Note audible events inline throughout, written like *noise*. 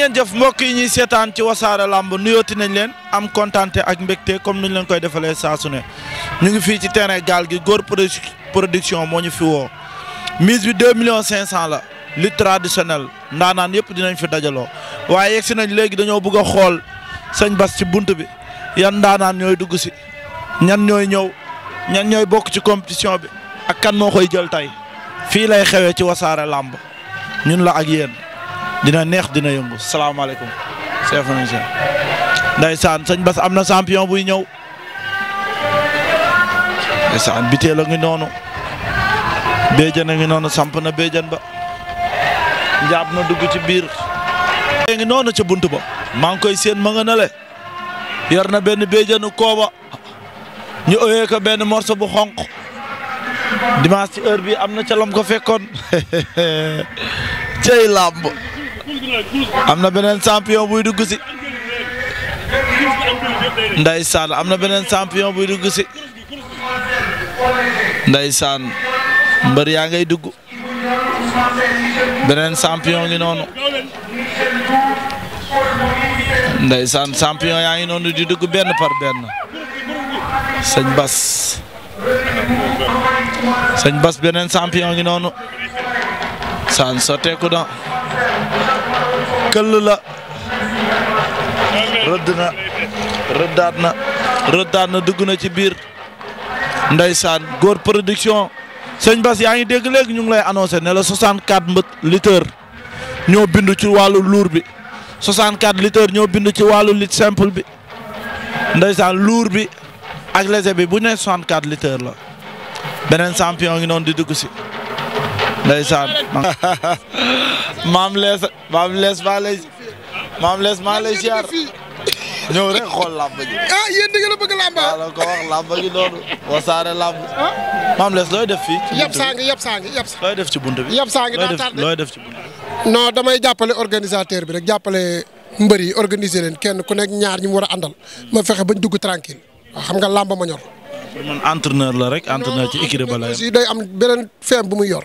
ngeen jëf mbokk yi ñuy seetaan ci wasaare làmb nuyooti nañ leen am kontante ak mbégte comme niñ leen koy defalee saa su ñu ngi fii ci terrain gaal gi góor production moo ñu fi woo mise bi deux millions cinq cent la lutte traditionnelle ndaanaan yëpp dinañ fi dajaloo waaye yegg si nañ léegi dañoo bëgg a xool sëñ Bas ci bunt bi yan ndaanaan ñooy dugg si ñan ñooy ñëw ñan ñooy bokk ci compétition bi ak kan moo koy jël tey fii lay xewee ci wasaare làmb ñun la ak yéen. dina neex dina yëngu salaamaaleykum. chef manager ndeysaan sëñ Bas am na champion buy ñëw ndeysaan biteel a ngi noonu béjjën a ngi noonu samp na béjjën ba njaab na dugg ci biir a ngi noonu ca bunt ba maa ngi koy seen ma nga nale yar na benn béjjënu kooba ñu ëyee ko benn morceau bu xonq dimanche ci heure bi am na ca lam ko fekkoon *laughs* cey làmb am na beneen champion buy dugg si. Ndeysaan am na beneen champion buy dugg si. mbër yaa ngay dugg. beneen champion ngi noonu. Ndeysaan champion yaa ngi noonu di dugg benn par benn. Sëñ Bas. Sëñ Bas beneen champion ngi noonu. Saan sotteeku na. këll la rëdd na rëddaat na rëddaat na dugg na ci biir ndeysaan góor production sëñ Bas yaa ngi dégg léegi ñu ngi lay annoncé ne la 64 mbët litre ñoo bindu ci wàllu luur bi 64 litre ñoo bindu ci wàllu lutte simple bi ndeysaan luur bi ak léger bi bu ne 64 litre la beneen champion ngi noonu di dugg si. ndeysaan maam lees maam lees maa lay maam lees maa lay ziar ñëw rek xool làmb ji. ah yéen dëgg la bëgg làmb. waaw maam lees looy def fii. yab saa ngi yab saa ngi yab saa. looy def ci buntu bi. yab saa ngi daa tardé damay jàppale organisateur bi rek jàppale mbër yi organiser leen kenn ku nekk ñaar ñi mu war a àndal. ma fexe bañ dugg tranquille waaw xam nga làmb ma ñor. man la rek entraîneur ci équipe ba la day am beneen feem bu muy yor.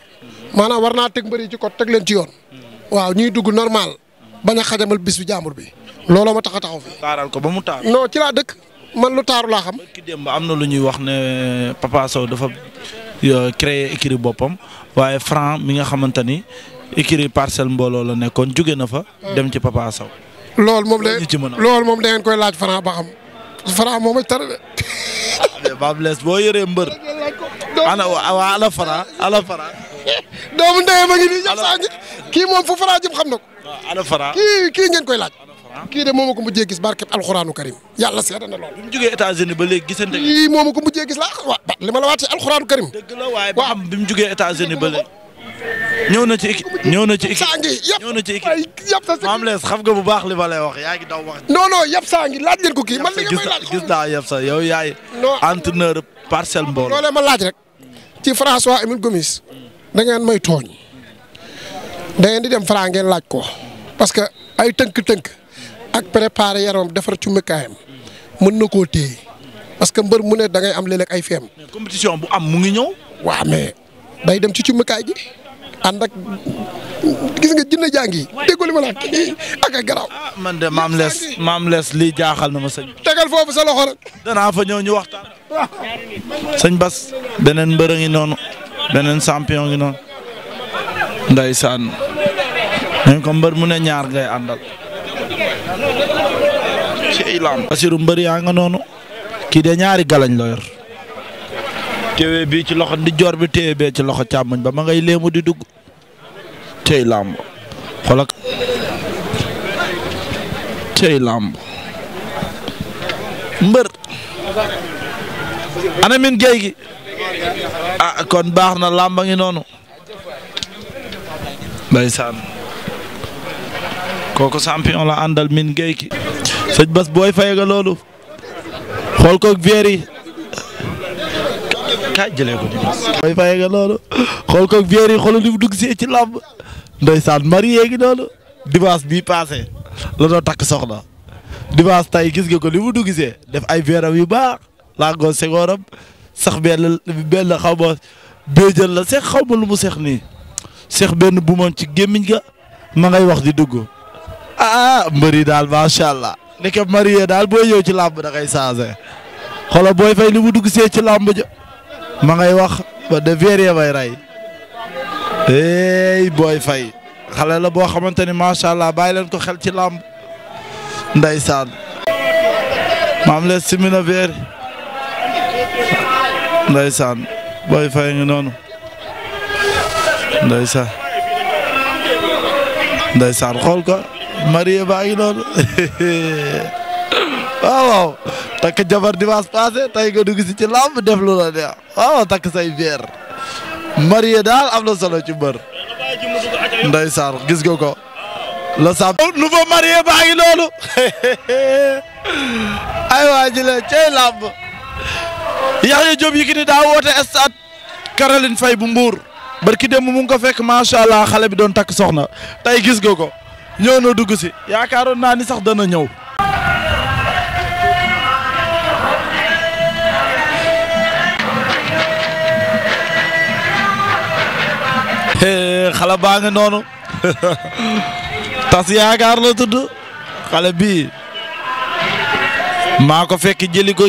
maanaam war naa teg mbër ci ko teg leen ci yoon waaw ñuy dugg normal bañ a xajamal bis bi jàmbur bi looloo ma tax a taxaw fii. ko ba mu taar. non ci laa dëkk man lu taaru laa xam. ki démb am na lu ñuy wax ne euh, Papa Sow dafa euh, créer écurie boppam waaye Franc mi nga xamante ni écurie parcelle mbooloo la nekkoon jóge na fa. dem ci Papa Sow. loolu moom de loolu moom da ngeen koy laaj Franc ba xam Franc moom it tare boo yoree mbër. *laughs* doomu ndeyam a ngi nii yëpp kii moom fu Fara jëm xam na ko. ana Fara kii kii ngeen koy laaj. kii de moom a ko mujjee gis barkeb alxuraanu karim yàlla seede na lool. bi mu jógee États-Unis ba léegi gisante nga. kii moom a ko mujjee gis la waaw li ma la waatee ba xam bi mu jógee ñëw na ci équipe ñëw na ci équipe saa ngi ñëw na ci xam nga bu baax li ma lay wax yaa ngi daw wax. non laaj leen ko kii man li nga may laaj gis naa yab sa yow yaay. entraîneur parcelle mbooloo ma laaj rek. ci François Émile Gomis da ngeen may tooñ da ngeen di dem Franc ngeen laaj ko parce que ay tënk-tënk ak préparer yaramam defar ci mën na koo téye parce que mbër mu ne da ngay am léeg ay feem. compétition bu am mu ngi ñëw. waaw mais day dem ci cumikaay gi ànd ak gis nga jinne jàng yi déggoo li ma ak ak garaaw. Ah, man de maam les maam les lii jaaxal na ma sëñ. tegal foofu sa loxo rek. danaa fa ñëw ñu waxtaan. sëñ Bas beneen mbër a ngi noonu. beneen champion gi noonu ndeysaan ñun ko mbër mu ne ñaar ngay àndal ci ay lamb Basiru mbër yaa nga noonu kii de ñaari galañ la yor bii ci loxo ndijoor bi téwe ci loxo càmmoñ ba ma ngay léemu di dugg tey lamb xolak tey lamb mbër ana min géey gi ah kon baax na làmba ngi noonu ndeysaan kooku champion la àndal min géey ki sëñ bas booy fayega loolu xool koog veer yi kaay jëlee ko booy fayega loolu xool koog veer yi xoolu li mu dugg see ci làmb ndeysaan marié gi noonu dimanche bii passé la doon takk soxna dimanche tay gis nga ko li mu dugg def ay veeram yu baax laa ngoon segooram sax benn benn xaw ma béjjël la seex xaw ma lu mu seex nii seex benn bu moom ci gémmiñ ga ma ngay wax di dugg ah mbëri daal macha allah ndeke marié daal boo ñëw ci làmb da ngay changé xoolal booy fay li mu dugg see ci làmb ma ngay wax ba de verre bay rey hey booy fay xale la boo xamante ni macha allah bàyyi leen ko xel ci làmb ndeysaan maam lees simina verre ndeysaan booy fay ngi noonu ndeysaan ndeysaan xool ko marié baa ngi noonu *laughs* waaw waaw takk jabar dimanche passé tey nga dugg si ci làmb def lu la neex waaw takk say biir marié daal am na solo ci mbër ndeysaan gis nga ko la baa ngi *laughs* ay waa ji cey làmb Yaxya Diop Yékini daa woote stade Caroline Faye bu Mbour barki démb mu ngi ko fekk macha allah xale bi doon takk soxna tey gis nga ko ñëw na dugg si yaakaaroon naa ni sax dana ñëw. Eh, xale baa nga noonu *laughs* tas yaakaar na tudd xale bii maa ko fekk jëli ko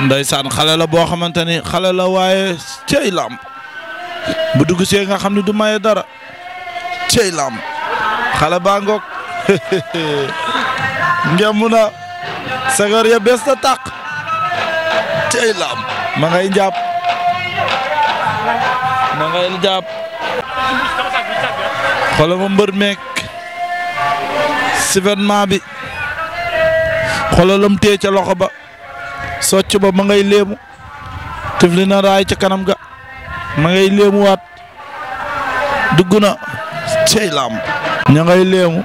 ndeysaan xale la boo xamante ni xale la waaye cey làmb bu dugg see nga xam ne du maye dara cey làmb xale baa ngoog *laughs* ngemm na sagar ya bees na tàq cey làmb ma ngay jàpp ma ngay jàpp xoolal ma mbër meek si événement bi xoolalam tee ca loxo ba socc ba ma ngay léemu tifli na raay ca kanam ga ma ngay léemuwaat dugg na cey làmb ña ngay léemu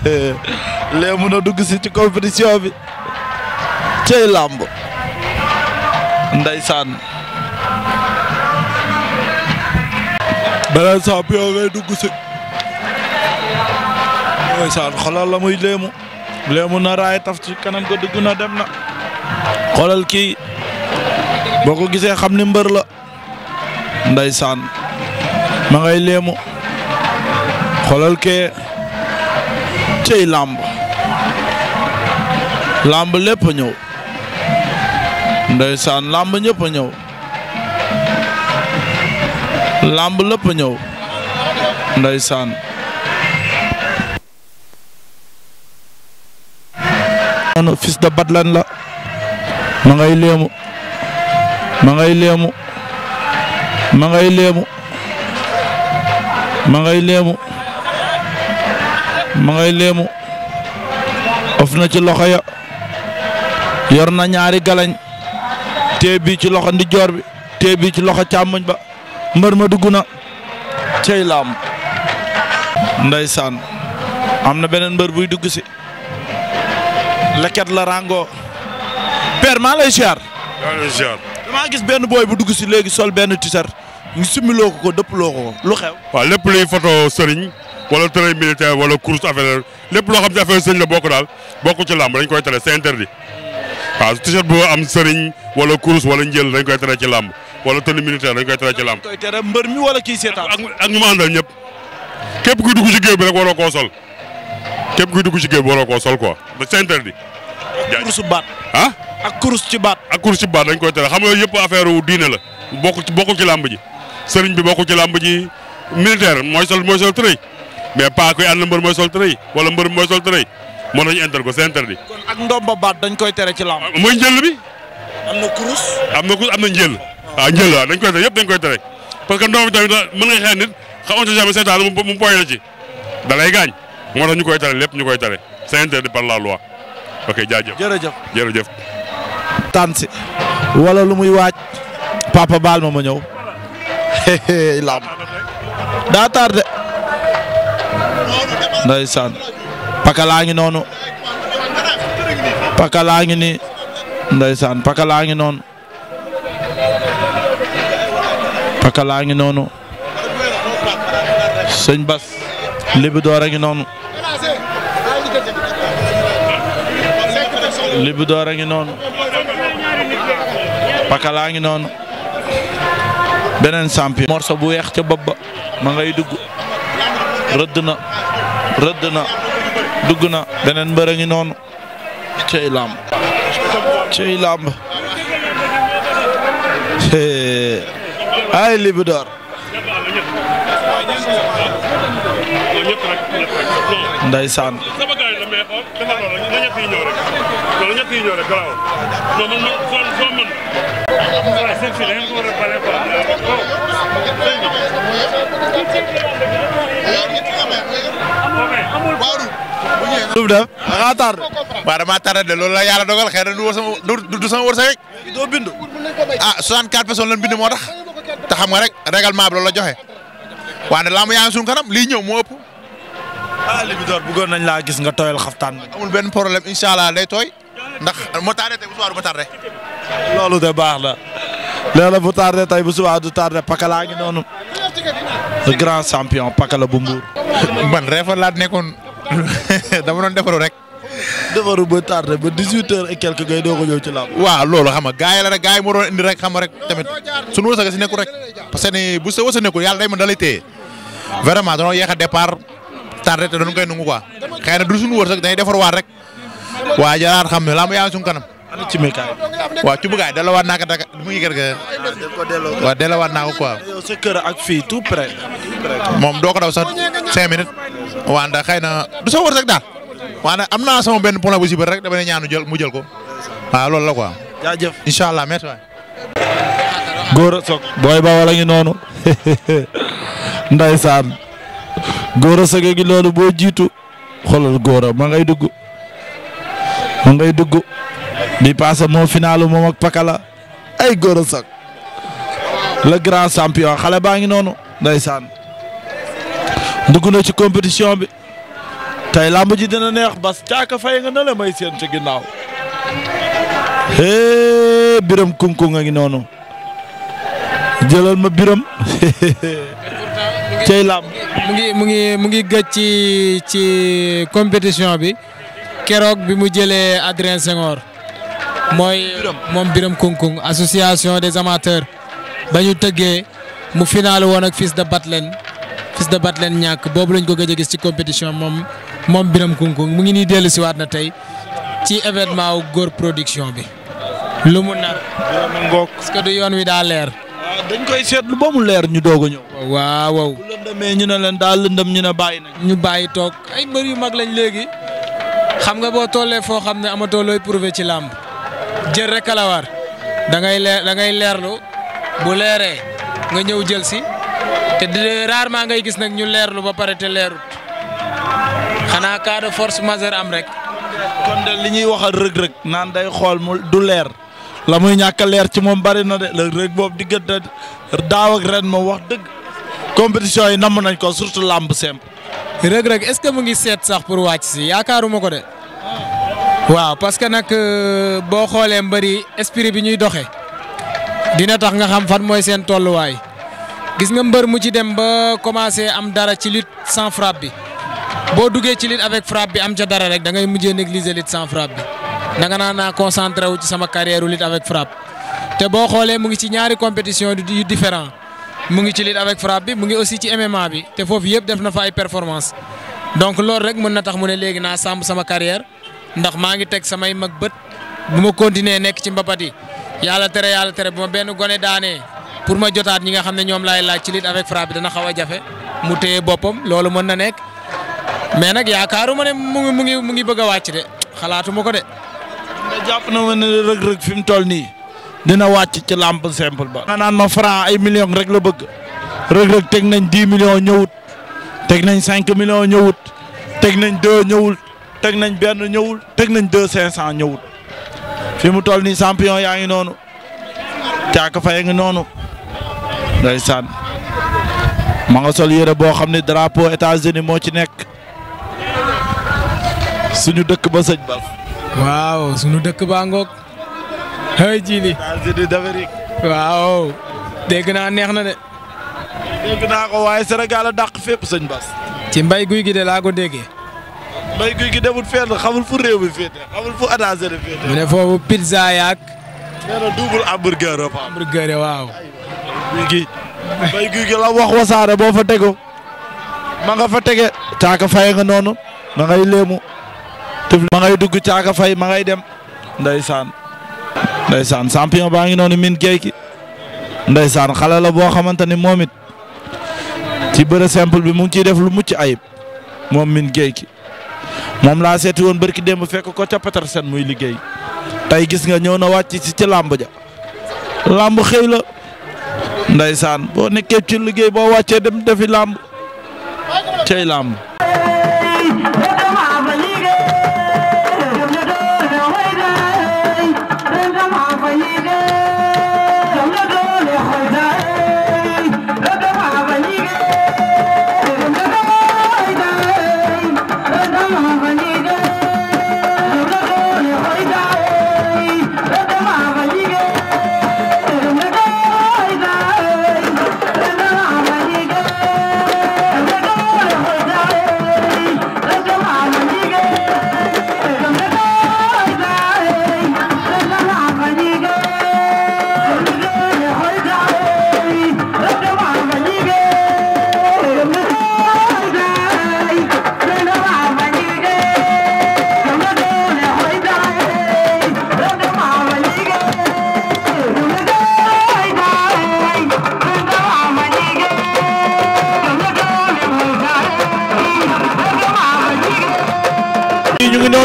*laughs* léemu na dugg si ci compétition bi cey lamb ndeysaan beneen champion ngay dugg si ndeysaan xoolal la muy léemu léemu na raay taf ci kanam ga dugg na dem na xoolal kii boo ko gisee xam ne mbër la ndeysaan ma ngay leemu xoolal kee cey làmb làmb lépp a ñëw ndeysaan lamb ñëpp a ñëw làmb lépp a ñëw ndeysaan Fils de Batlan la ma ngay léemu ma ngay leemu ma ngay léemu ma ngay léemu ma ngay léemu of ci loxo ya yor na ñaari galañ tee bi ci loxo ndijoor bi tee bi ci loxo càmmoñ ba mbër ma dugg na cey laam ndeysaan am na beneen mbër buy dugg si leket la rango père maa lay ziar. maa lay gis benn booy bu dugg si léegi sol benn t-shirt ñu similoo ko ko dëppaloo lu xew. waaw lépp luy foto sëriñ wala terrain militaire wala course affaire lépp loo xam ne affaire sëriñ la bokk daal bokk ci làmb dañ koy tere c'est interdit waaw t-shirt am sëriñ wala course wala njël dañ koy tere ci làmb wala tenue militaire dañ koy tere ci làmb. dañ mbër mi wala kii seetaan. ak ñu ma ñëpp képp ku dugg ci géew bi rek waroo koo sol képp kuy dugg ci géew bi sol quoi c'est interdit. jaajëf kurus baat. ah ak kurus ci baat. ak kurus ci baat dañ koy tere xam nga yëpp affaire wu diine la bokku ci bokku ci làmb ji sëriñ bi bokku ci làmb ji mooy sol mooy sol tërëy mais pas kuy ànd mbër mooy sol wala mbër mooy sol tërëy moo nañu inter ko c'est interdit. kon ak ndomba baat dañ koy tere ci làmb. mooy njël bi. am na kurus. am na kurus am na njël. waaw ah, njël waaw dañ koy tere yëpp dañ koy tere parce que ndomba bi tamit mën nga xeex nit xam on seetaan mu mu poy la ci da lay gaañ moo tax ñu koy tere lépp ñu koy tere c'est interdit par la ok jaajëf jërëjëf jërëjëf. Tansi wala lu muy waaj papa baal ma ma ñëw lamb *laughs* daa tardé ndeysaan paka laa ngi noonu paka laa ngi nii ndeysaan ngi noonu paka ngi noonu sëñ Bas Libidor ngi noonu Libidoor a ngi noonu Pakala a ngi noonu beneen champion morso bu weex ca bopp ba ma ngay dugg rëdd na rëdd na dugg na beneen mbër a ngi noonu cey làmb cey làmb ay Libidoor ndeysaan defee xool defal loolu la ñett yi ñëw rek loolu ñett yi ñëw rek garaawul soo mën ma soo soo mën. waaw seen fii da ngeen ko war a pare quoi. waaw daf dangaa tardé. waaw damaa tardé de loolu la yàlla dogal xëy na du war sama du du sama wërsëg. doo bind. ah 64 personnes lañ bind moo tax. te xam nga rek règlement bi loolu la joxe. waaw ne laa ma yaa ngi suñu kanam lii ñëw moo ëpp. ah Libidor bëggoon nañ laa gis nga tooyal xaftaan bi. amul ben problème incha allah day tooy ndax mo tardé tey bu subaa du ma loolu de baax na léeg la bu tardé tey bu subaa du tardé Paka laa ngi noonu. le grand champion Paka la bu Mbour. *laughs* man reefa laa nekkoon *laughs* dama doon defaru rek. defaru ba tardé ba dix huit heures et quelque ngay doog a ñëw ci loolu xam nga la rek gars yi moo doon indi rek xam nga rek tamit sunu wërsëg si nekkul rek parce que ni bu sa wërsëg nekkul yàlla day mën da lay a tardé te doon koy nangu quoi xëy na du suñu wërsëg dañuy defarwaat rek waa jaraat xam ne laa ma yaa suñu kanam. ci mikaay waaw ci bugaay delloowaat naa ko Dakar mu ngi gërëm. waaw delloowaat naa ko quoi. sa kër ak fii tout près. moom doo ko daw sax cinq minutes. waa ndax xëy na du sa wërsëg daal. waa nag am naa sama benn point bu si rek dama ne ñaanu jël mu jël ko. waaw loolu la quoi. jaajëf incha allah merci waay. góor a soog booy ba wala ngi noonu. *laughs* ndeysaan. góor a gi loolu boo jiitu xoolal góor a ma ngay dugg ma ngay dugg bi paase moo finaalu moom ak pakala ay góor a sag grand champion xale baa ngi noonu ndeysaan dugg na ci compétition bi tey làmb ji dina neex bas caaka fay nga ne la may seen ci ginnaaw hee biram kunku nga ngi noonu jëlal ma biram *laughs* cey làmb mu ngi mu ngi mu ngi gëj ci ci compétition bi keroog bi mu jëlee Adrien Senghor mooy moom Biram Kunkung association des amateurs ba ñu tëggee mu final woon ak fils de Batlen fils de Batlen ñàkk boobu lañ ko gëj gis ci compétition moom moom Biram Kunkung mu ngi nii dellu si waat na tey ci événement wu góor production bi lu mu nar. est-ce que du yoon wi daa leer. dañ koy seetlu ba mu leer ñu doog a ñëw. waaw waaw. bu lëndamee ñu ne leen daal lëndam ñu ne bàyyi nañ. ñu bàyyi toog ay mbër yu mag lañ léegi xam nga boo tollee foo xam ne amatoo looy prouvé ci làmb jël rek la war da ngay leer leerlu bu leeree nga ñëw jël si te rarement ngay gis nag ñu leerlu ba pare te leerut xanaa cas force majeure am rek. kon de li ñuy waxal rëg-rëg naan day xool mu du leer. la muy ñàkk leer ci moom bari na de Reug Reug boobu diggante daaw ak ren moom wax dëgg compétition yi namm nañ ko surtout làmb simple. Reug Reug est-ce que mu ngi seet sax pour wàcc si yaakaaruma ko de. waaw parce que nag euh, boo xoolee mbëri esprit bi ñuy doxee dina tax nga xam fan mooy seen tolluwaay gis nga mbër mu ci dem ba commencé am dara ci lutte sans frappe bi boo duggee ci lutte avec frappe bi am ca dara rek da ngay mujjee négliger lutte sans frappe bi. nanga naa naa concentré wu ci sama carrière lutte avec frappe te boo xoolee mu ngi ci ñaari compétition yu différent mu ngi ci lutte avec frappe bi mu ngi aussi ci MMA bi te foofu yëpp def na fa ay performance donc loolu rek mën na tax mu ne léegi naa sàmm sama carrière ndax maa ngi teg samay mag bët bu ma continuer nekk ci mbapat yi yàlla tere yàlla tere bu ma benn gone daanee pour ma jotaat ñi nga xam ne ñoom laay laaj ci lutte avec frappe bi dana xaw a jafe mu téye boppam loolu mën na nekk mais nag yaakaaruma ne mu ngi mu ngi mu ngi bëgg a wàcc xalaatuma ko de. jàpp na ma ne Reug fi mu toll nii dina wàcc ci làmb simple ba. nga naan ma franc ay millions rek la bëgg Reug Reug teg nañ dix millions ñëwut teg nañ cinq million ñëwut teg nañ deux ñëwul teg nañ benn ñëwul teg nañ deux cinq cent ñëwut fi mu toll nii champion yaa ngi noonu caaka fay ngi noonu ndeysaan ma nga sol yére boo xam ne drapeau États-Unis moo ci nekk suñu dëkk ba sëñ Ba. waaw sunu dëkk baa ngoog. xëy waaw. dégg naa neex na de. dégg naa waaye Sénégal a dàq fépp sëñ Bas. ci mbay guy gi de laa ko déggee. mbay guy gi demul fenn xamul fu réew mi féete xamul fu attaché de féete. foofu pizza yaak. waaw. guy gi la wax wasaare boo fa tego ma nga fa tege. taaka fay noonu ma ngay tëf ma ngay dugg caaka fay ma ngay dem ndeysaan ndeysaan champion baa ngi noonu min géey ki ndeysaan xale la boo xamante ni moom it ci bëre simple bi mu ngi ciy def lu mucc ayib moom min géey ki moom laa seeti woon barki démb fekk ko ca Petersen muy liggéey tey gis nga ñëw na wàcc ci ci làmb ja làmb xëy la ndeysaan boo nekkee ci liggéey boo wàccee dem defi làmb cey làmb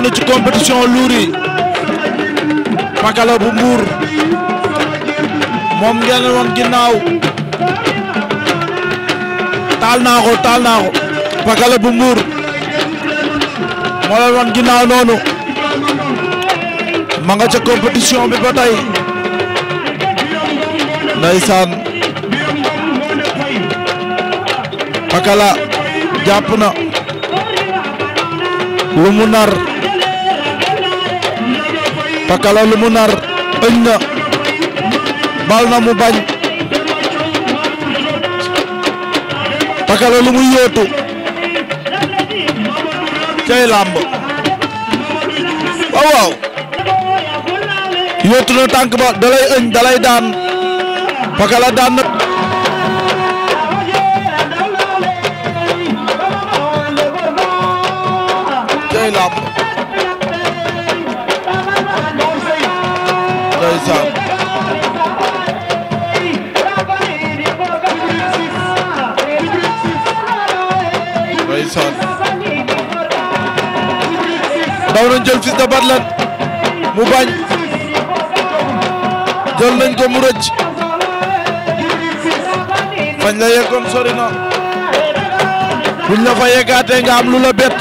noonu ci compétition luur yi pakala bu mbuur moom ngeen woon ginnaaw taal naa taal naa pakala bu mbuur moo leen woon noonu ma nga ca compétition bi ba tey ndeysaan pakala jàpp na lu mu nar Pakala lu mu nar ëñ na bal na mu bañ Pakala mu yóotu cay làmb waaw yóotu na tànk ba dalay ëñ dalay daan Pakala daan na cay làmb ndeysaan ndeysaan daw nañ jël Fils de mu bañ jël nañ ko mu rëcc fañ la yeggoon sori na buñ la fa yeggaatee nga am lu la bett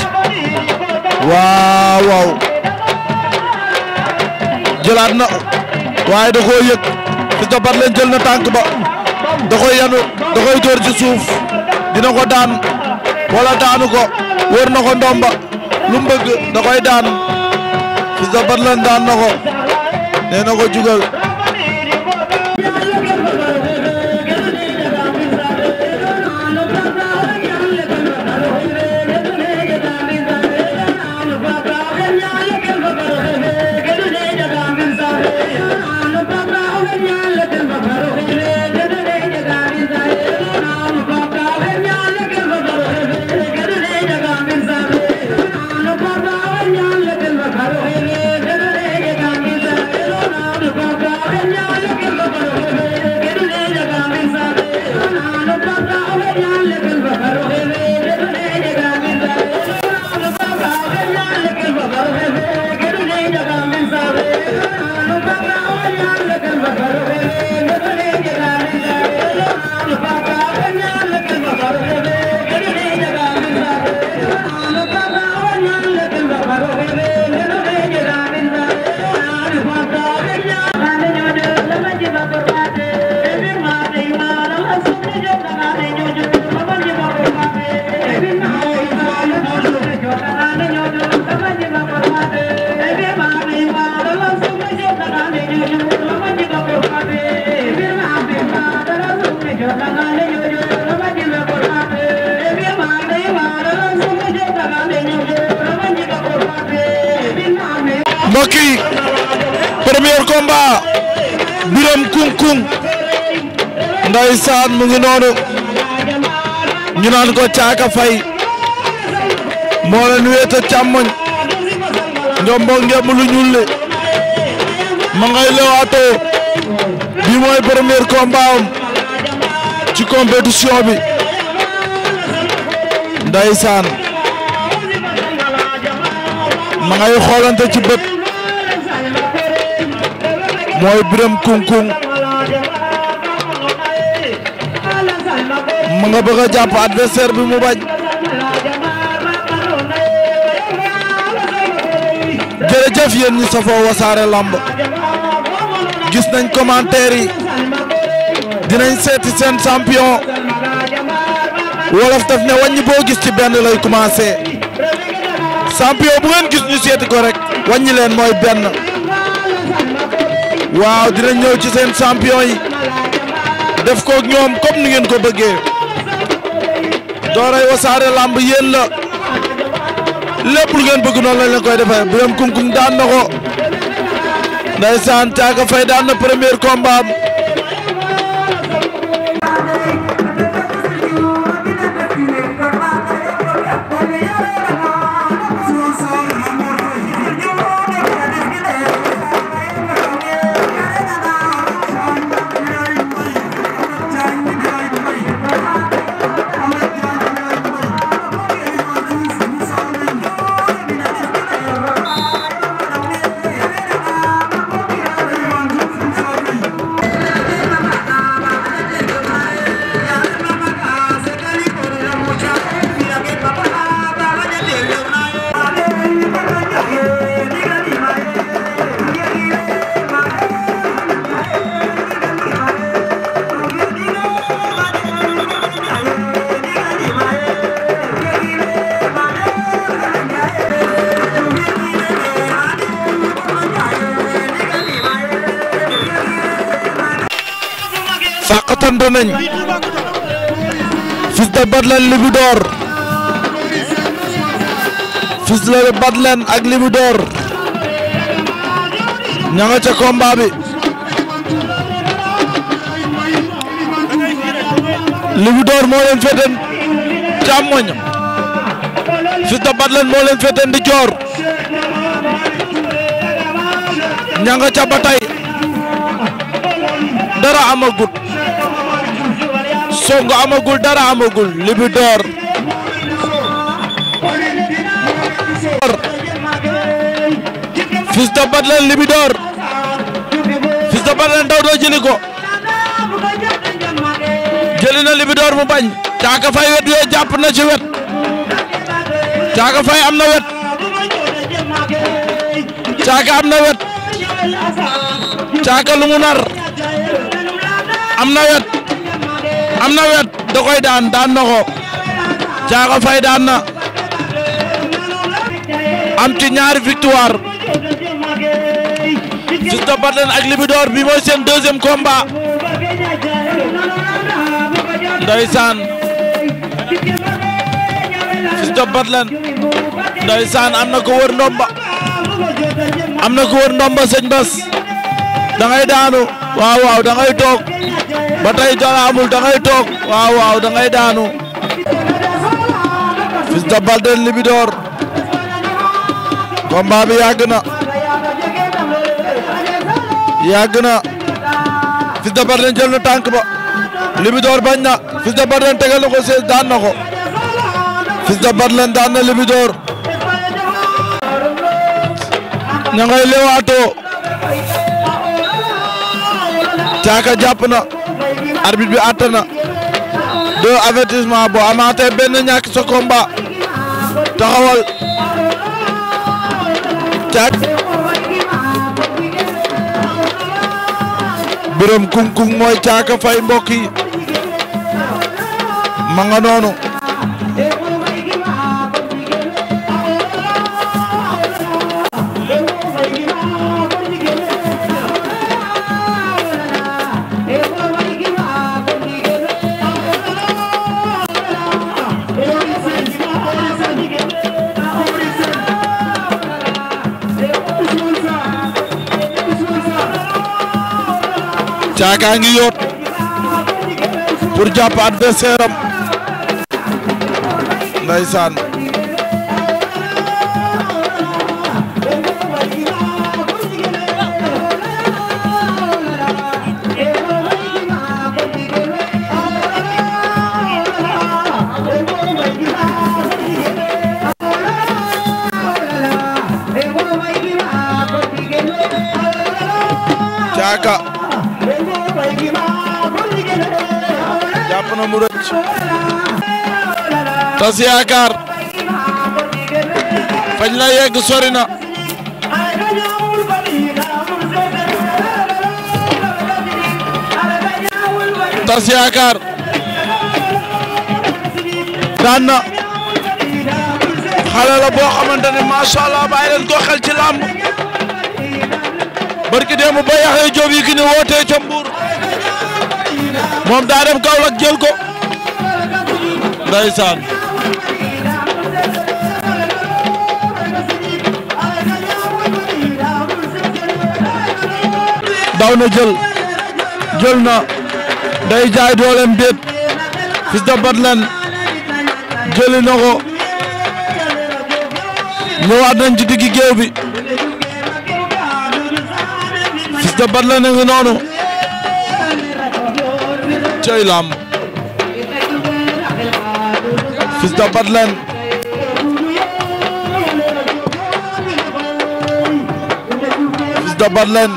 waaw waaw jëlaat na waaye da koo yëg Fils de Batling jël na tànk ba da yanu da koy dóor ci suuf dina ko daan wala daanu wër na ko ndomba lu mu da koy daan Fils de Batling daan na ko nee na ko jugal premier combat Biram Kung Kung ndeysaan mu ngi noonu ñu ko Caaka Fay moo leen wéete càmmoñ njombo ngemb lu ñuul le ma ngay lewaatoo bi mooy premier combat ci compétition bi ndeysaan ma ngay xoolante ci bët mooy biram kunkung mu nga bëgg a jàpp adversaire bi mu bañ jërëjëf yéen ñi safoo wasaare lamb gis nañ commentaire yi dinañ seeti seen champion wolof daf ne wàññi boo gis ci benn lay commencé champion bu ngeen gis ñu seeti ko rek wàññi leen mooy benn waaw dinañ ñëw ci seen champion yi def ko ak ñoom comme ni ngeen ko bëggee dooray wasaare lamb yéen la lépp lu ngeen bëgg noonu leen koy defee bu dem kunkung daan na ko ndaysaan Thiaka Faye daan na premier combat nañ Fils Batlen Libidor Fils ak Libidor ña nga ca combat bi Libidor moo leen féete càmmoñ Fils de Batlen moo leen féete ndijoor ña nga ca ba tey dara amagut song amagul dara amagul Libidor Fils de Batlel Libidor Fils de Batlel ndaw doo jëli ko jëli na Libidor mu bañ Caaka Fay wet yooyu jàpp na ci wet Caaka Fay am na wet Caaka am na wet Caaka lu mu nar am na wet am na wet da daan daan na ko Thiaka Faye daan na am ci ñaari victoire Fils de Batlen ak Libidor bi mooy seen deuxième combat ndeysaan Fils de Batlen ndeysaan am na ko ndomba am na ko ndomba sëñ Bas da daanu waaw waaw da ngay ba tey dara amul waaw waaw da daanu Fils de Baldé Libidor combat bi yàgg na yàgg na ba Libidor bañ na Fils de ko sees daan na ko Fils de daan na Libidor ña ngay caaka jàpp arbitre bi àtte na deux avertissement boo amaatee benn ñàkk sa combat taxawal caat biram kung kung mooy caaka fay mbokk yi ma nga noonu Caaka ngi yoot pour jàpp adversaire Caaka tas yaakaar fañ la yegg sori na tas yaakaar daan na xale la xel ci làmb barki démb ba yaxee Jóob yi ki ne wootee moom daa dem Kaolack jël ko ndeysaan daw na jël jël na day jaay dooleem déet Fils de Batlen jëli na ko ñëwaat nañ ci diggi géew bi Fils de Batlen ngi noonu cey làmb Fils de Batlen Fils de Batlen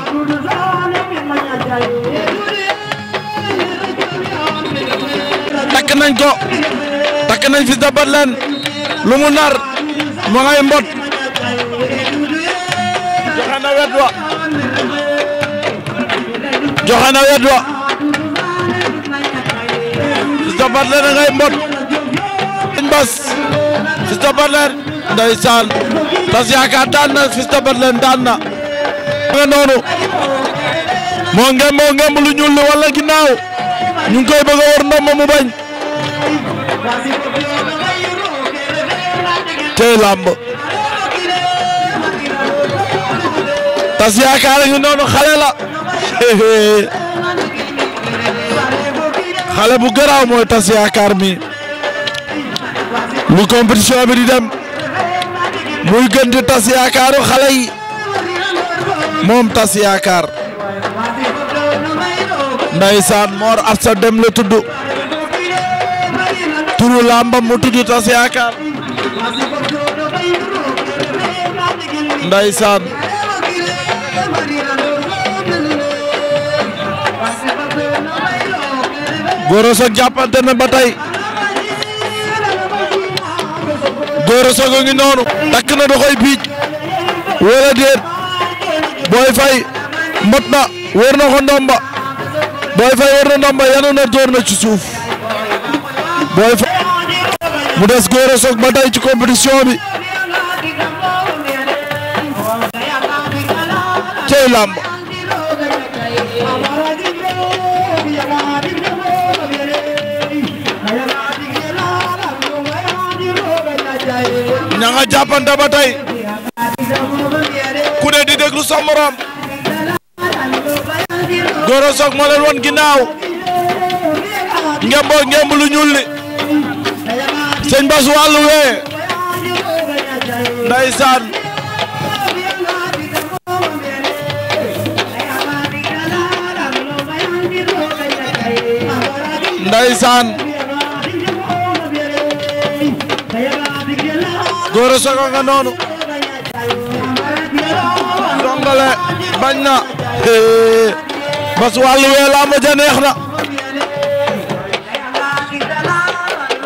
takk nañ ko takk lu mu nar ma ngay mbot joxe na wet wa joxe na wet wa Fils de Batlen mbas Fils de tas yaakaar daan na Fils de noonu moo ngem moo ngem li wala ginnaaw ñu ngi koy bëgg a war ndomb mu bañ tey làmb tas yaakaar ngi noonu xale *laughs* xale bu garaaw mooy tas yaakaar mi lu compétition bi di dem muy gën di tas yaakaaru xale yi moom tas yaakaar ndaysaan Mor Absa Deme la tudd turu làmbam mu tudd tas yaakaar ndaysaan Goro Sock jàppante na ba tey Gora Sock a ngi noonu takk na da koy biij wala déet Boy Faye mot na ko ndomba Boy Faye na ndomba yanu na door na ci suuf Boy Faye mu des Gora Sock ba ci compétition bi cey làmb nga jàppante ba tey ku ne di déglu sa morom Gora Sock moo leen won ginnaaw ngembo ñuul li sëñ Bas wàllu wee ndeysaan ndeysaan Gora Sock nga noonu Zongale bañ na bas wàllu wee làmb ja neex na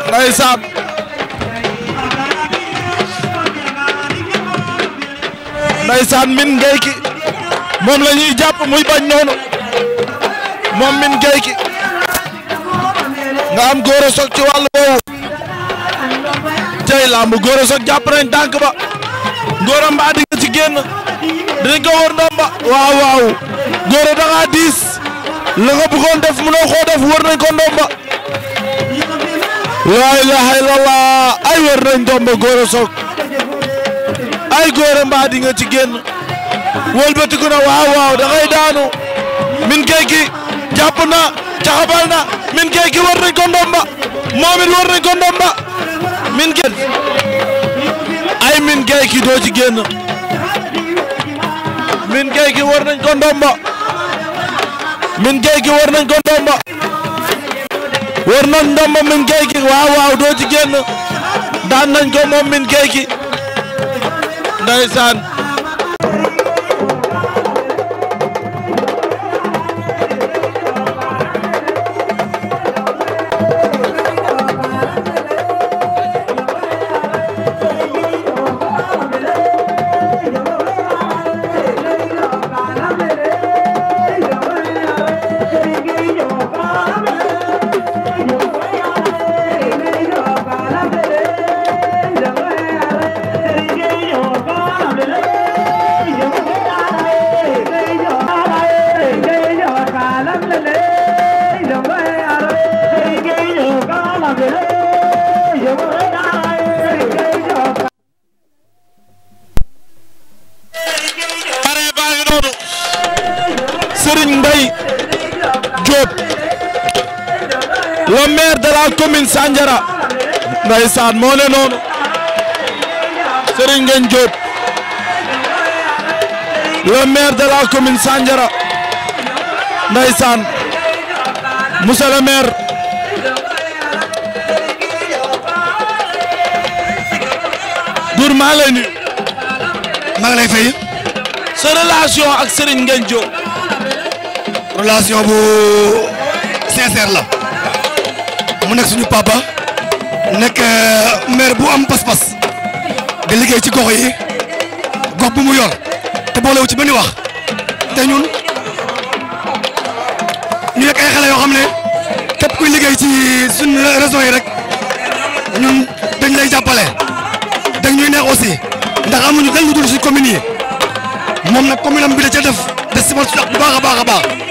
ndeysaan ndeysaan min ngay ki moom la jàpp muy bañ noonu moom min ngay ki nga am Gora Sock ci wàllu làmb Gora Sock jàpp nañ tànk ba Gora mbaa di nga ci génn dinañ ko waaw waaw Gora da ngaa diis la nga bëggoon def mënoo koo def wër nañ ko ndomba laa ilaaha illallah ay wër nañ ndomba Gora Sock ay Gora mbaa di nga ci génn wëlbatiku waaw waaw da daanu min kay ki na caxabal na min kay ki wër nañ ko ndomba moom it wër nañ ko ndomba min génn ay min gay ki doo ci min gay ki war nañ ko ndomba min gay ki war nañ ko ndomba war nañ ndomba min gay ki waaw waaw doo ci daan nañ ko moom min gay ki ndeysaan Serigne Mbaye Diop le maire de la commune Sandiara ndeysaan moo ne noonu Serigne Ngagne Diop le maire la commune lay nuyu maa ngi lay ak Serigne Ngagne relation bu sincère la mu nekk suñu papa nekk euh, maire bu am pas-pas di liggéey ci gox yi gox bu mu yor te boolewu ci benn wax te ñun ñu nekk ay yoo xam ne képp kuy liggéey ci suñ région yi rek ñun dañ lay jàppale dañ ñuy neex aussi ndax amuñu dañ lu dul ci commune yi moom nag commune am bi da ca def des si ma bu baax a baax baax.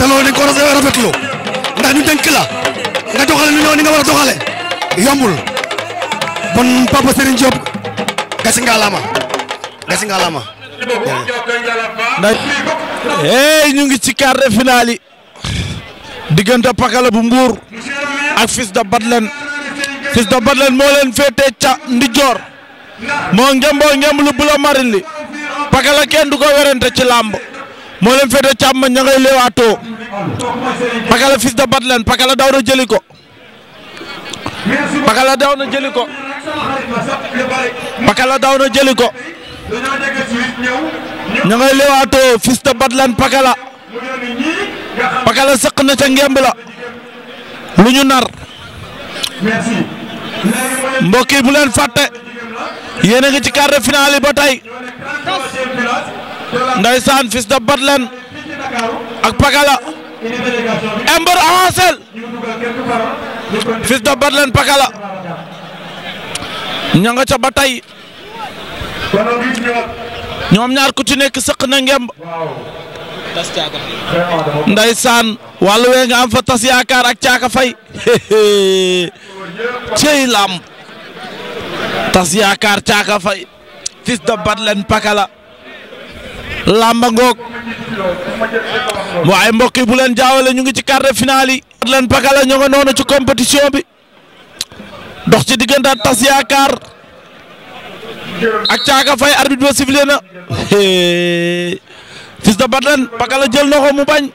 te loolu ko war a rafetlu ndax ñu dénk la nga doxale nu ñoo ni nga war a doxale yombul bon Papa Serigne Diop gasi nga lama ñu ngi ci quart de finale yi Pakala bu Mbour ak Fils de Batlen Fils de Batlen moo leen féetee ca ndijoor moo ngemboo ngemb lu bula Pakala kenn du ko werante ci làmb moo leen féete càmmoñ ña ngay Pakala fils de Batlen Pakala daw na jëli ko Pakala daw na jëli ko Pakala daw na jëli ko ña ngay leewaatoo fils Pakala Pakala sëq na ca ngemb la lu ñu nar mbokk bu leen fàtte yéen ngi ci quart de finale yi ndaysaan fils de Batlen ak Pakala Ember avancel fils de Batlen Pakala ña nga ca ba tey ñoom ñaar ku ci nekk sëq na ngemb ndaysaan wàllu wee nga am fa tas yaakaar ak caaka fay *laughs* cey lamb tas yaakaar caaka fay fils de Batlen Pakala lamba ngoog waaye mbokk yi bu leen jaawale ñu ngi ci quart de finale yi. leen pakala ñu nga noonu ci compétition bi dox ci digganta tas yaakaar ak caaka fay arbitre ba sifflé na fils de Batlen pakala jël na ko mu bañ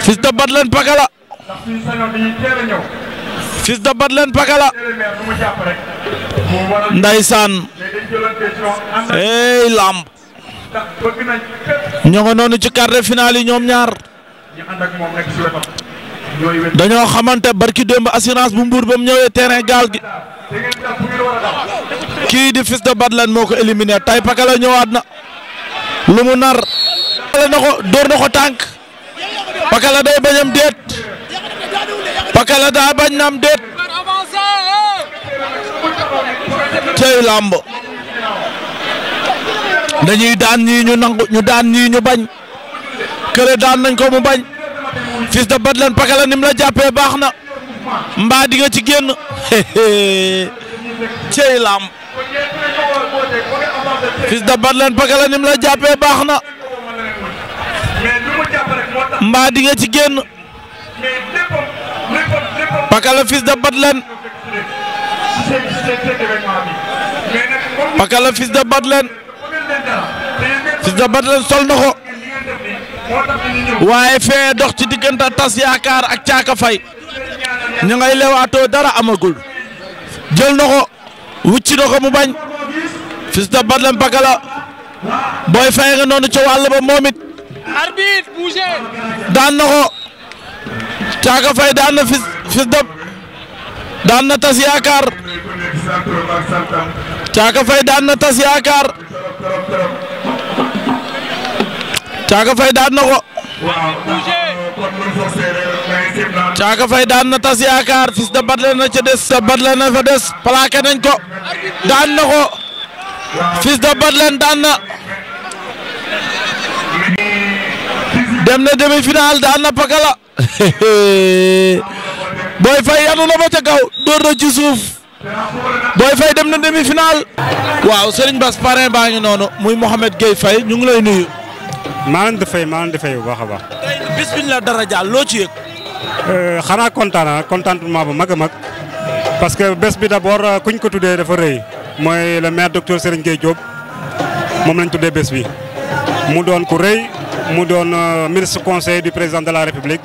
fils de Batlen pakala fils de Batlen pakala ndeysaan hey lamb ñoo nga noonu ci quart de finale yi ñoom ñaar dañoo xamante barki démb assurance bu mbuur ba mu ñëwee terrain gaal gi kii di fils de Badlan moo ko éliminé tay pakala ñëwaat na lu mu nar pakala na ko tànk pakala day bañam déet pakala daa bañ naam déet cey làmb dañuy daan ñii ñu nangu ñu daan ñii ñu bañ kële daan nañ ko mu bañ Fils de Batlen Pakala nim la jàppee baax na mbaa di nga ci génn *laughs* cey lamb Fils de leen Pakala nim la jàppee baax na di nga ci génn Pakala Fils de Batlen Pakala Fils de Fils de Batley sol na waaye fee dox ci diggante tas yaakaar ak caaka fay ñu ngay dara amagul jël na ko wucci na mu bañ Fils de Batley Pakala booy fay noonu ci wàll ba moom daan na caaka fay daan na Fils Fils daan na tas yaakaar Caaka Faye daan na tas yaakaar Caaka Faye daan na Caaka Faye daan tas yaakaar Fils de Batlé na des sa Batlé nañ ko daan na ko Fils de Batlé dem na demi-finale daan pakala *laughs* Boy Faye yanu na ba kaw dóor na ci suuf Boy Faye dem na demi final. waaw Serigne bas parrain baa ngi noonu muy Mouhamed Gueye Faye ñu ngi lay nuyu. maa leen di fay maa leen di fay bu baax a baax. tey bis bi ñu la dara jaal loo ci yëg. Euh, xanaa kontaan contentement bu mag a mag parce que bés bi d' abord euh, ñu ko tuddee dafa rëy mooy le maire docteur Serigne Gueye Diop moom lañ tuddee bés bi mu doon ku rëy mu doon euh, ministre conseil du président de la république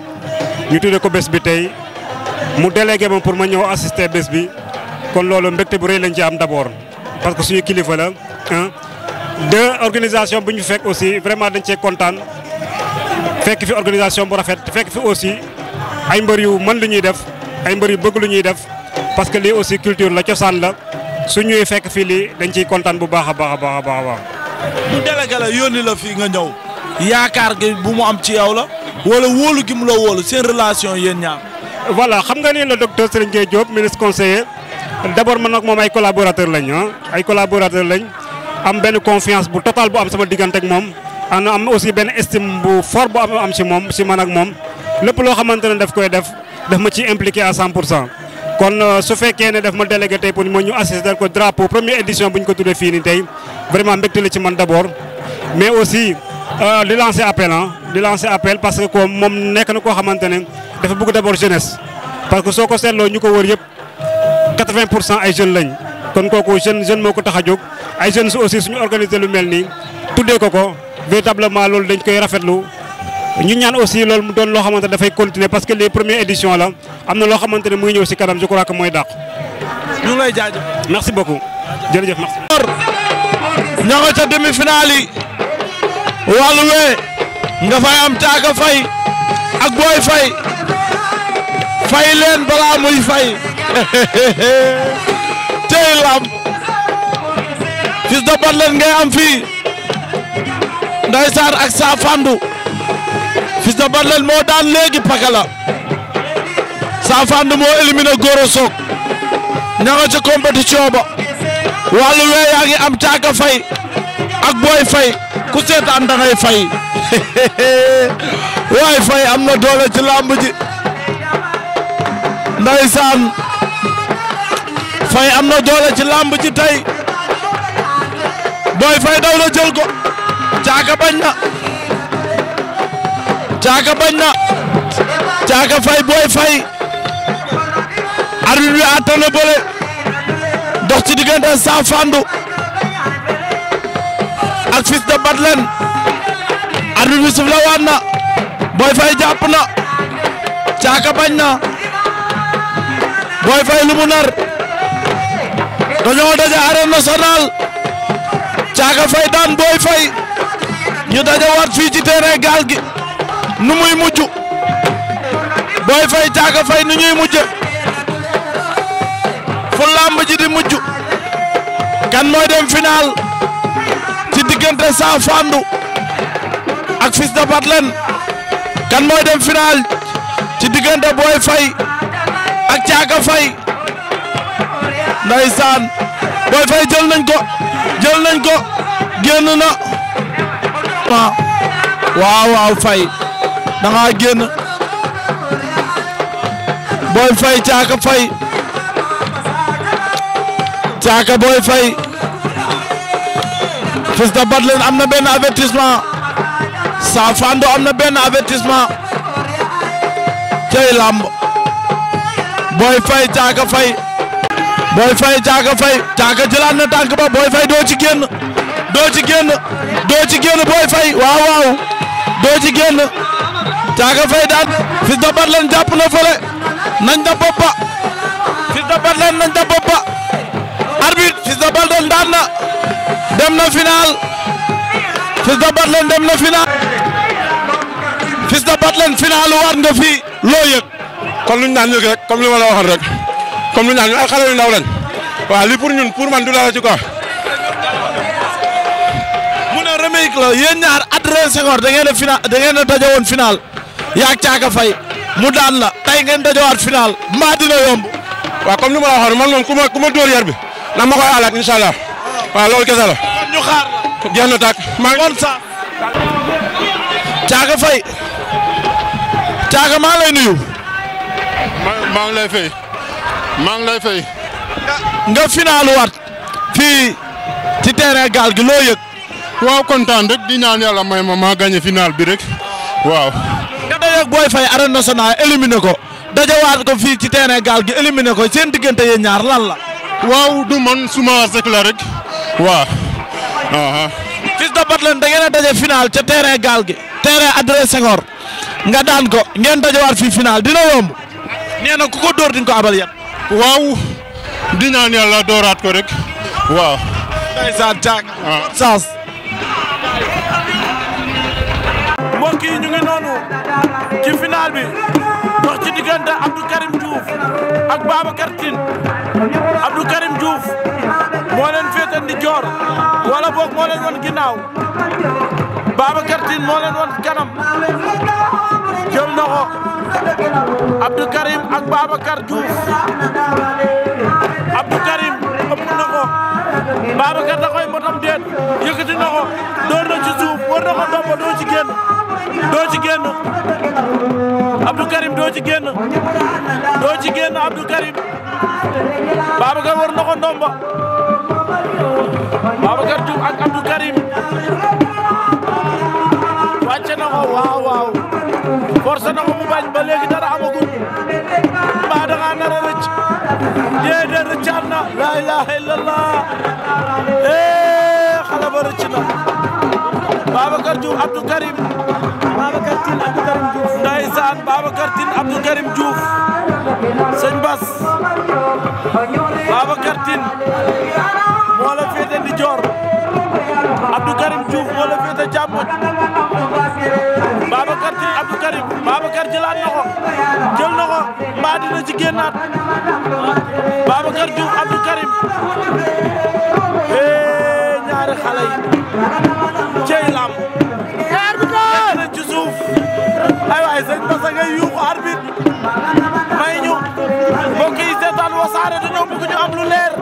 ñu tuddee ko bés bi tey mu délégué ma pour ma ñëw assister bés bi. kon loolu mbégte bu rëy lañ ci am d'abord parce que suñu kilifa la un deux organisation bu ñu fekk aussi vraiment dañ cee kontaan fekk fi organisation bu rafet fekk fi aussi ay mbër yu mën lu ñuy def ay mbër yu bëgg lu ñuy def parce que lii aussi culture la cosaan la su ñuy fekk fii lii dañ ciy kontaan bu baax a baax a baax a baax a baax. la fii nga ñëw yaakaar gi bu mu am ci yow la wala wóolu gi mu la wóolu seen relation yéen ñaar. voilà xam nga ne la docteur Serigne Gueye Diop d'abord man nag moom ay collaborateur lañ ah ay collaborateur lañ am benn confiance bu total bu am sama diggante ak moom am am aussi benn estime bu fort bu am am si moom si man ak moom lépp loo xamante ne daf koy def daf ma ci impliqué à 100 pour cent kon euh, su fekkee ne daf ma délégué tey pour ma ñu assister ko drapeau première édition bu ñu ko tuddee fii nii tey vraiment mbégte la ci man d'abord mais aussi euh, di lancer appel ah di lancer appel parce que comme moom nekk na koo xamante ne dafa bëgg d'abord jeunesse parce que soo ko seetloo ñu ko wër yëpp. 80 pour cent ay jeunes lañ kon kooku jeune jeune moo a am taaga fay ak booy fay fay leen balaa muy fay. *laughs* tey lamb Fils de Batlen ngay am fii ndeysaan ak saa fandu Fils de Batlen moo daan léegi pakala saa moo éliminé Goro Soog ña nga ba wàllu wee ngi am caaka fay ak booy fay ku seetaan da fay waay *laughs* fay am na doole ci lamb ji ndeysaan Faye am na doole ci làmb ci tey Boy Faye daw na jël ko Caaka bañ na Caaka bañ na Caaka Faye Boy Faye arbitre bi àtte na bële dox ci diggante Safandu ak Fils de Batlen arbitre bi sifla waat na Boy Faye jàpp na Caaka bañ na Boy Faye lu nar dañoo daje arène nationale Caaka Fay daan Boy Fay ñu daje waat fii ci terrain gaal gi nu muy mujj Boy Fay Caaka Fay nu ñuy mujje fu làmb ji di mujj kan mooy dem final ci diggante Sa Fandou ak Fils de Batlen kan mooy dem final ci diggante Boy Fay ak Caaka Fay ndeysaan Boy Faye jël nañ ko jël nañ ko génn na waaw waaw Faye da ngaa génn Boy Faye Caaka Faye Caaka Boy Faye Fils de Batlen am na benn avertissement Safando am na benn avertissement cey lamb Boy Faye Caaka Faye Boy Faye Thiaka Faye Thiaka jëlaat na ba Boy Faye doo ci génn doo ci génn doo ci génn Boy Faye waaw waaw doo génn Thiaka Faye daan Fils de Batlen na fële nañ da bopp ba Fils de Batlen nañ da bopp ba arbitre Fils de Batlen daan na dem na final Fils de dem na final Fils de Batlen final fi loo yëg kon luñ naan yëg rek comme li ma la waxoon rek comme lu ñu naan ñu ay xale yu ndaw lañ ñun pour man du dara ci quoi. mu ne la yéen ñaar Adrien Senghor da ngeen a final da ngeen woon final yaag caaka fay mu daan la tey ngeen dajawaat final mbaa dina yomb. waaw comme ni ma la waxoon man moom ku ma ku ma dóor yar bi na ma koy alaat incha allah waaw kese la. ñu xaar jeex na tàkk maa ngi. lay nuyu. maa lay fay. maa ngi lay fay. nga final waat fii ci terrain gaal gi loo yëg. waaw kontaan rek di ñaan yàlla may ma maa gagné final bi rek waaw. nga dajeeg Boy Faye arène nationale éliminé ko dajawaat ko fii ci terrain gaal gi élimine ko seen diggante yéen ñaar lan la. waaw du man suma sek la rek waaw. Fils de Batlen da ngeen a daje final ca terrain gaal gi. terrain Adrien nga daan ko ngeen dajawaat fii final dina yomb. nee na ku ko dóor di nga ko abal yat waaw di ñaan yàlla dooraat ko rek waaw. ndeysaan tàkk. saas. Ah. mbokk yi ñu ngi noonu ci final bi dox ci diggante Abdou Karim ak Babacar Tine Abdou Karim moo leen féetal joor wala boog moo leen won ginnaaw Babacar Tine moo leen won kanam. jël na ko Abdou ak Babacar Diouf Abdou Karim ëpp na ko Babacar da koy motam déet yëkkati na ko door na ci suuf na ko domba doo ci génn doo ci génn Abdou Karim doo ci génn doo ci génn Abdou Karim Babacar war na ak Abdou Karim na ko waaw force na ko mu bañ ba léegi dara amagul mbaa da ngaa nar a rëcc déedéet rëccaat na la ilaha illallah eh xale ba rëcc na Babacar Diouf Abdou Karim Babacar Tine Abdou Karim Diouf ndeysaan Babacar Tine Abdou Karim Diouf sëñ Bas Babacar Tine moo la féete ndijoor Abdou Karim Diouf moo la féete càmmoñ di ci génnaat Babacar Diouf Karim eh ñaari xale yi cey lamb arbitre ci suuf ay waay sëñ Bassa ngay yuuxu arbitre may ñu mbokk yi seetaan Wassare dañoo bëgg ñu am lu leer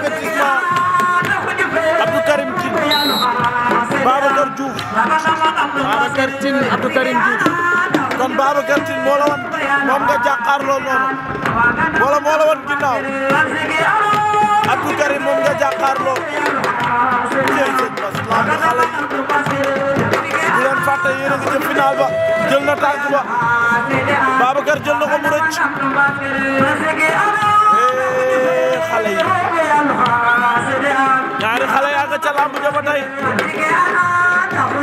avertissement Abdou Karim Tine Babacar Diouf Babacar Tine Abdou Karim Diouf kon Babacar Tine moo la wan moom nga jàkkaarloo noonu wala moo la wan ginnaaw Abdou Karim moom nga jàkkaarloo di leen fàtte yéen a ngi jëm ba jël na tànk ba Babacar jël na ko mu rëcc xale yi ñaari xale yaa nga ca làmb ja ba tey ndeysaan Abdou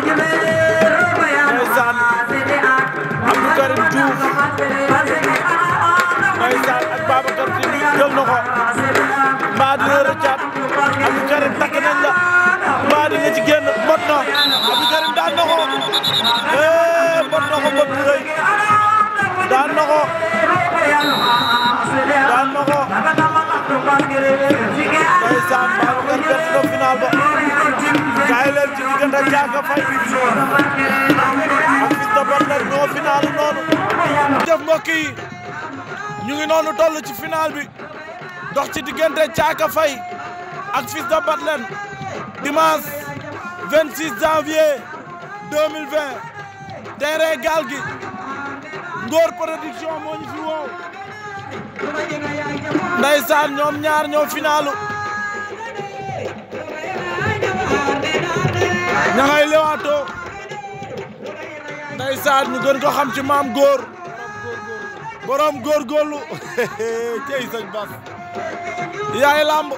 Karim Diouf ndeysaan ak Babacar Diouf jël na ko mbaa dina rëccaat Abdou Karim takk nañ la mbaa dina ci génn mot na Abdou Karim daan na ko eh mot na ko mot daan na daan na ndeysaan maa de Batlere ñu ngi noonu toll ci final bi dox ci diggante Diaka Faye ak Fils de Batlere dimanche 26 janvier 2020 terrain Gaal gi Ngor production moo fi woo. ndeysaan ñoom ñaar ñoo finaalu ña ngay lewaatoo ndeysaan ñu gën ko xam ci maam góor borom góorgóorlu *laughs* cey sëñ Bas yaay làmb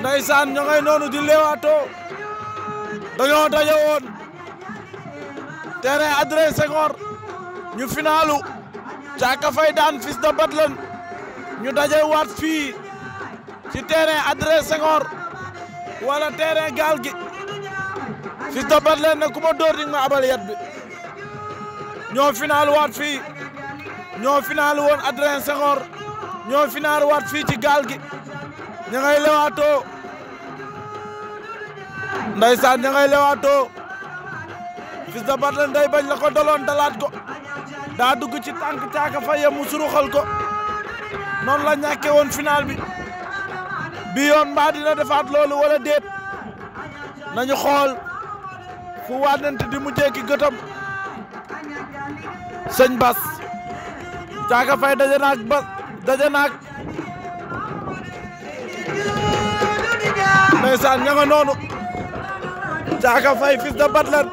ndeysaan ña ngay noonu di lewaatoo dañoo daje woon terrain Adrien Senghor ñu finaalu Caaka Faye daan Fils de ñu daje waat fii ci terrain Adrien Senghor wala terrain gaal gi Fils de Batlen ku ma dóor di ma abal yat bi ñoo final waat fii ñoo final woon Adrien Senghor ñoo final waat fii ci gaal gi ña ngay lewaatoo ndeysaan ña ngay lewaatoo Fils de Batlen day bañ la ko doloon dalaat ko daa dugg ci tànk caaka faye mu suruxal ko noonu la ñàkke woon final bi bi mbaa dina defaat loolu wala déet nañu xool fu waanante di mu jekki gëtam sëñ Bas caaka fay daje naag Bas daje naag ndeysaan ña noonu caaka fay fils de Batlan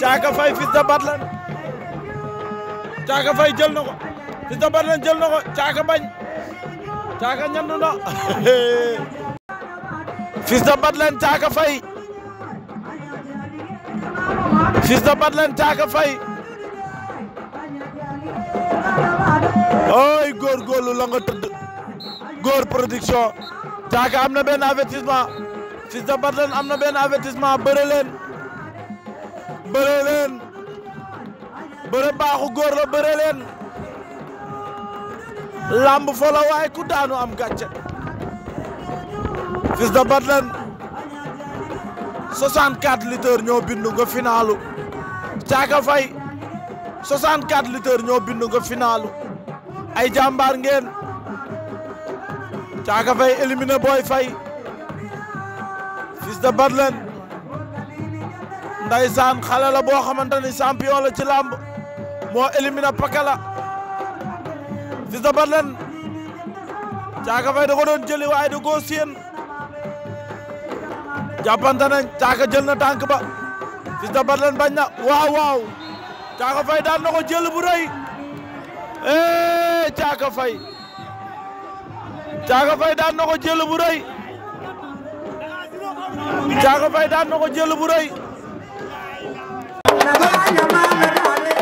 caaka fay fils de Batlan caaka fay jël na ko si ko caaka bañ caaka ñandu na *laughs* Fils de Batlen Caaka Faye Fils de len Caaka Faye ooy góorgóorlu la nga tëdd góor production Caaka am na benn avertissement Fils de Batlen am na benn avertissement bëre leen bëre bëre baaxu góor la bëre leen lamb fa waaye ku daanu am gàcce Fils de Batlen 64 litres ñoo bindu nga finalu Caaka Faye 64 litres ñoo bindu nga finalu ay jàmbaar ngeen Caaka Faye éliminé Boy Faye Fils de Batlen ndaysaan xale la boo xamante ni champion la ci lamb moo éliminé Pakala Fils de Badlène Caaka Faye da ko doon jëli waaye da koo seen jàppante Caaka jël na tànk ba Fils de Badlène bañ na waaw waaw Caaka Faye daan na ko jël bu rëy eh Caaka Faye Caaka Faye daan na jël bu Caaka Faye daan na jël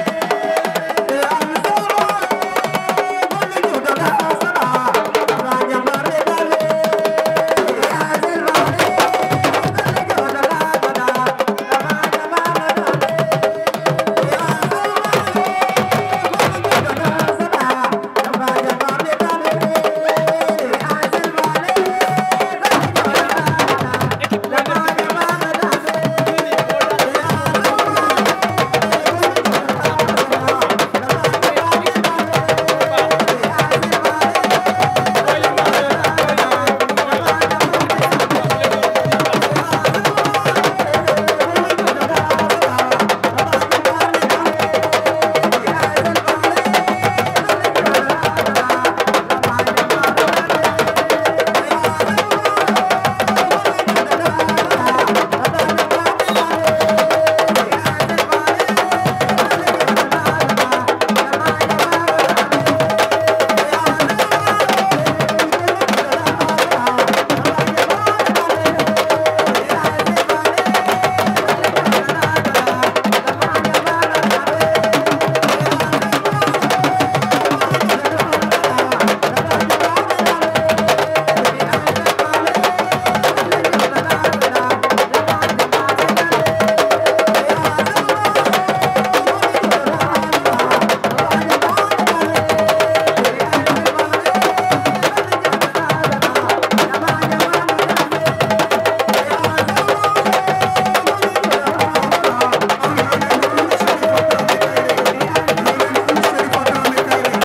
bu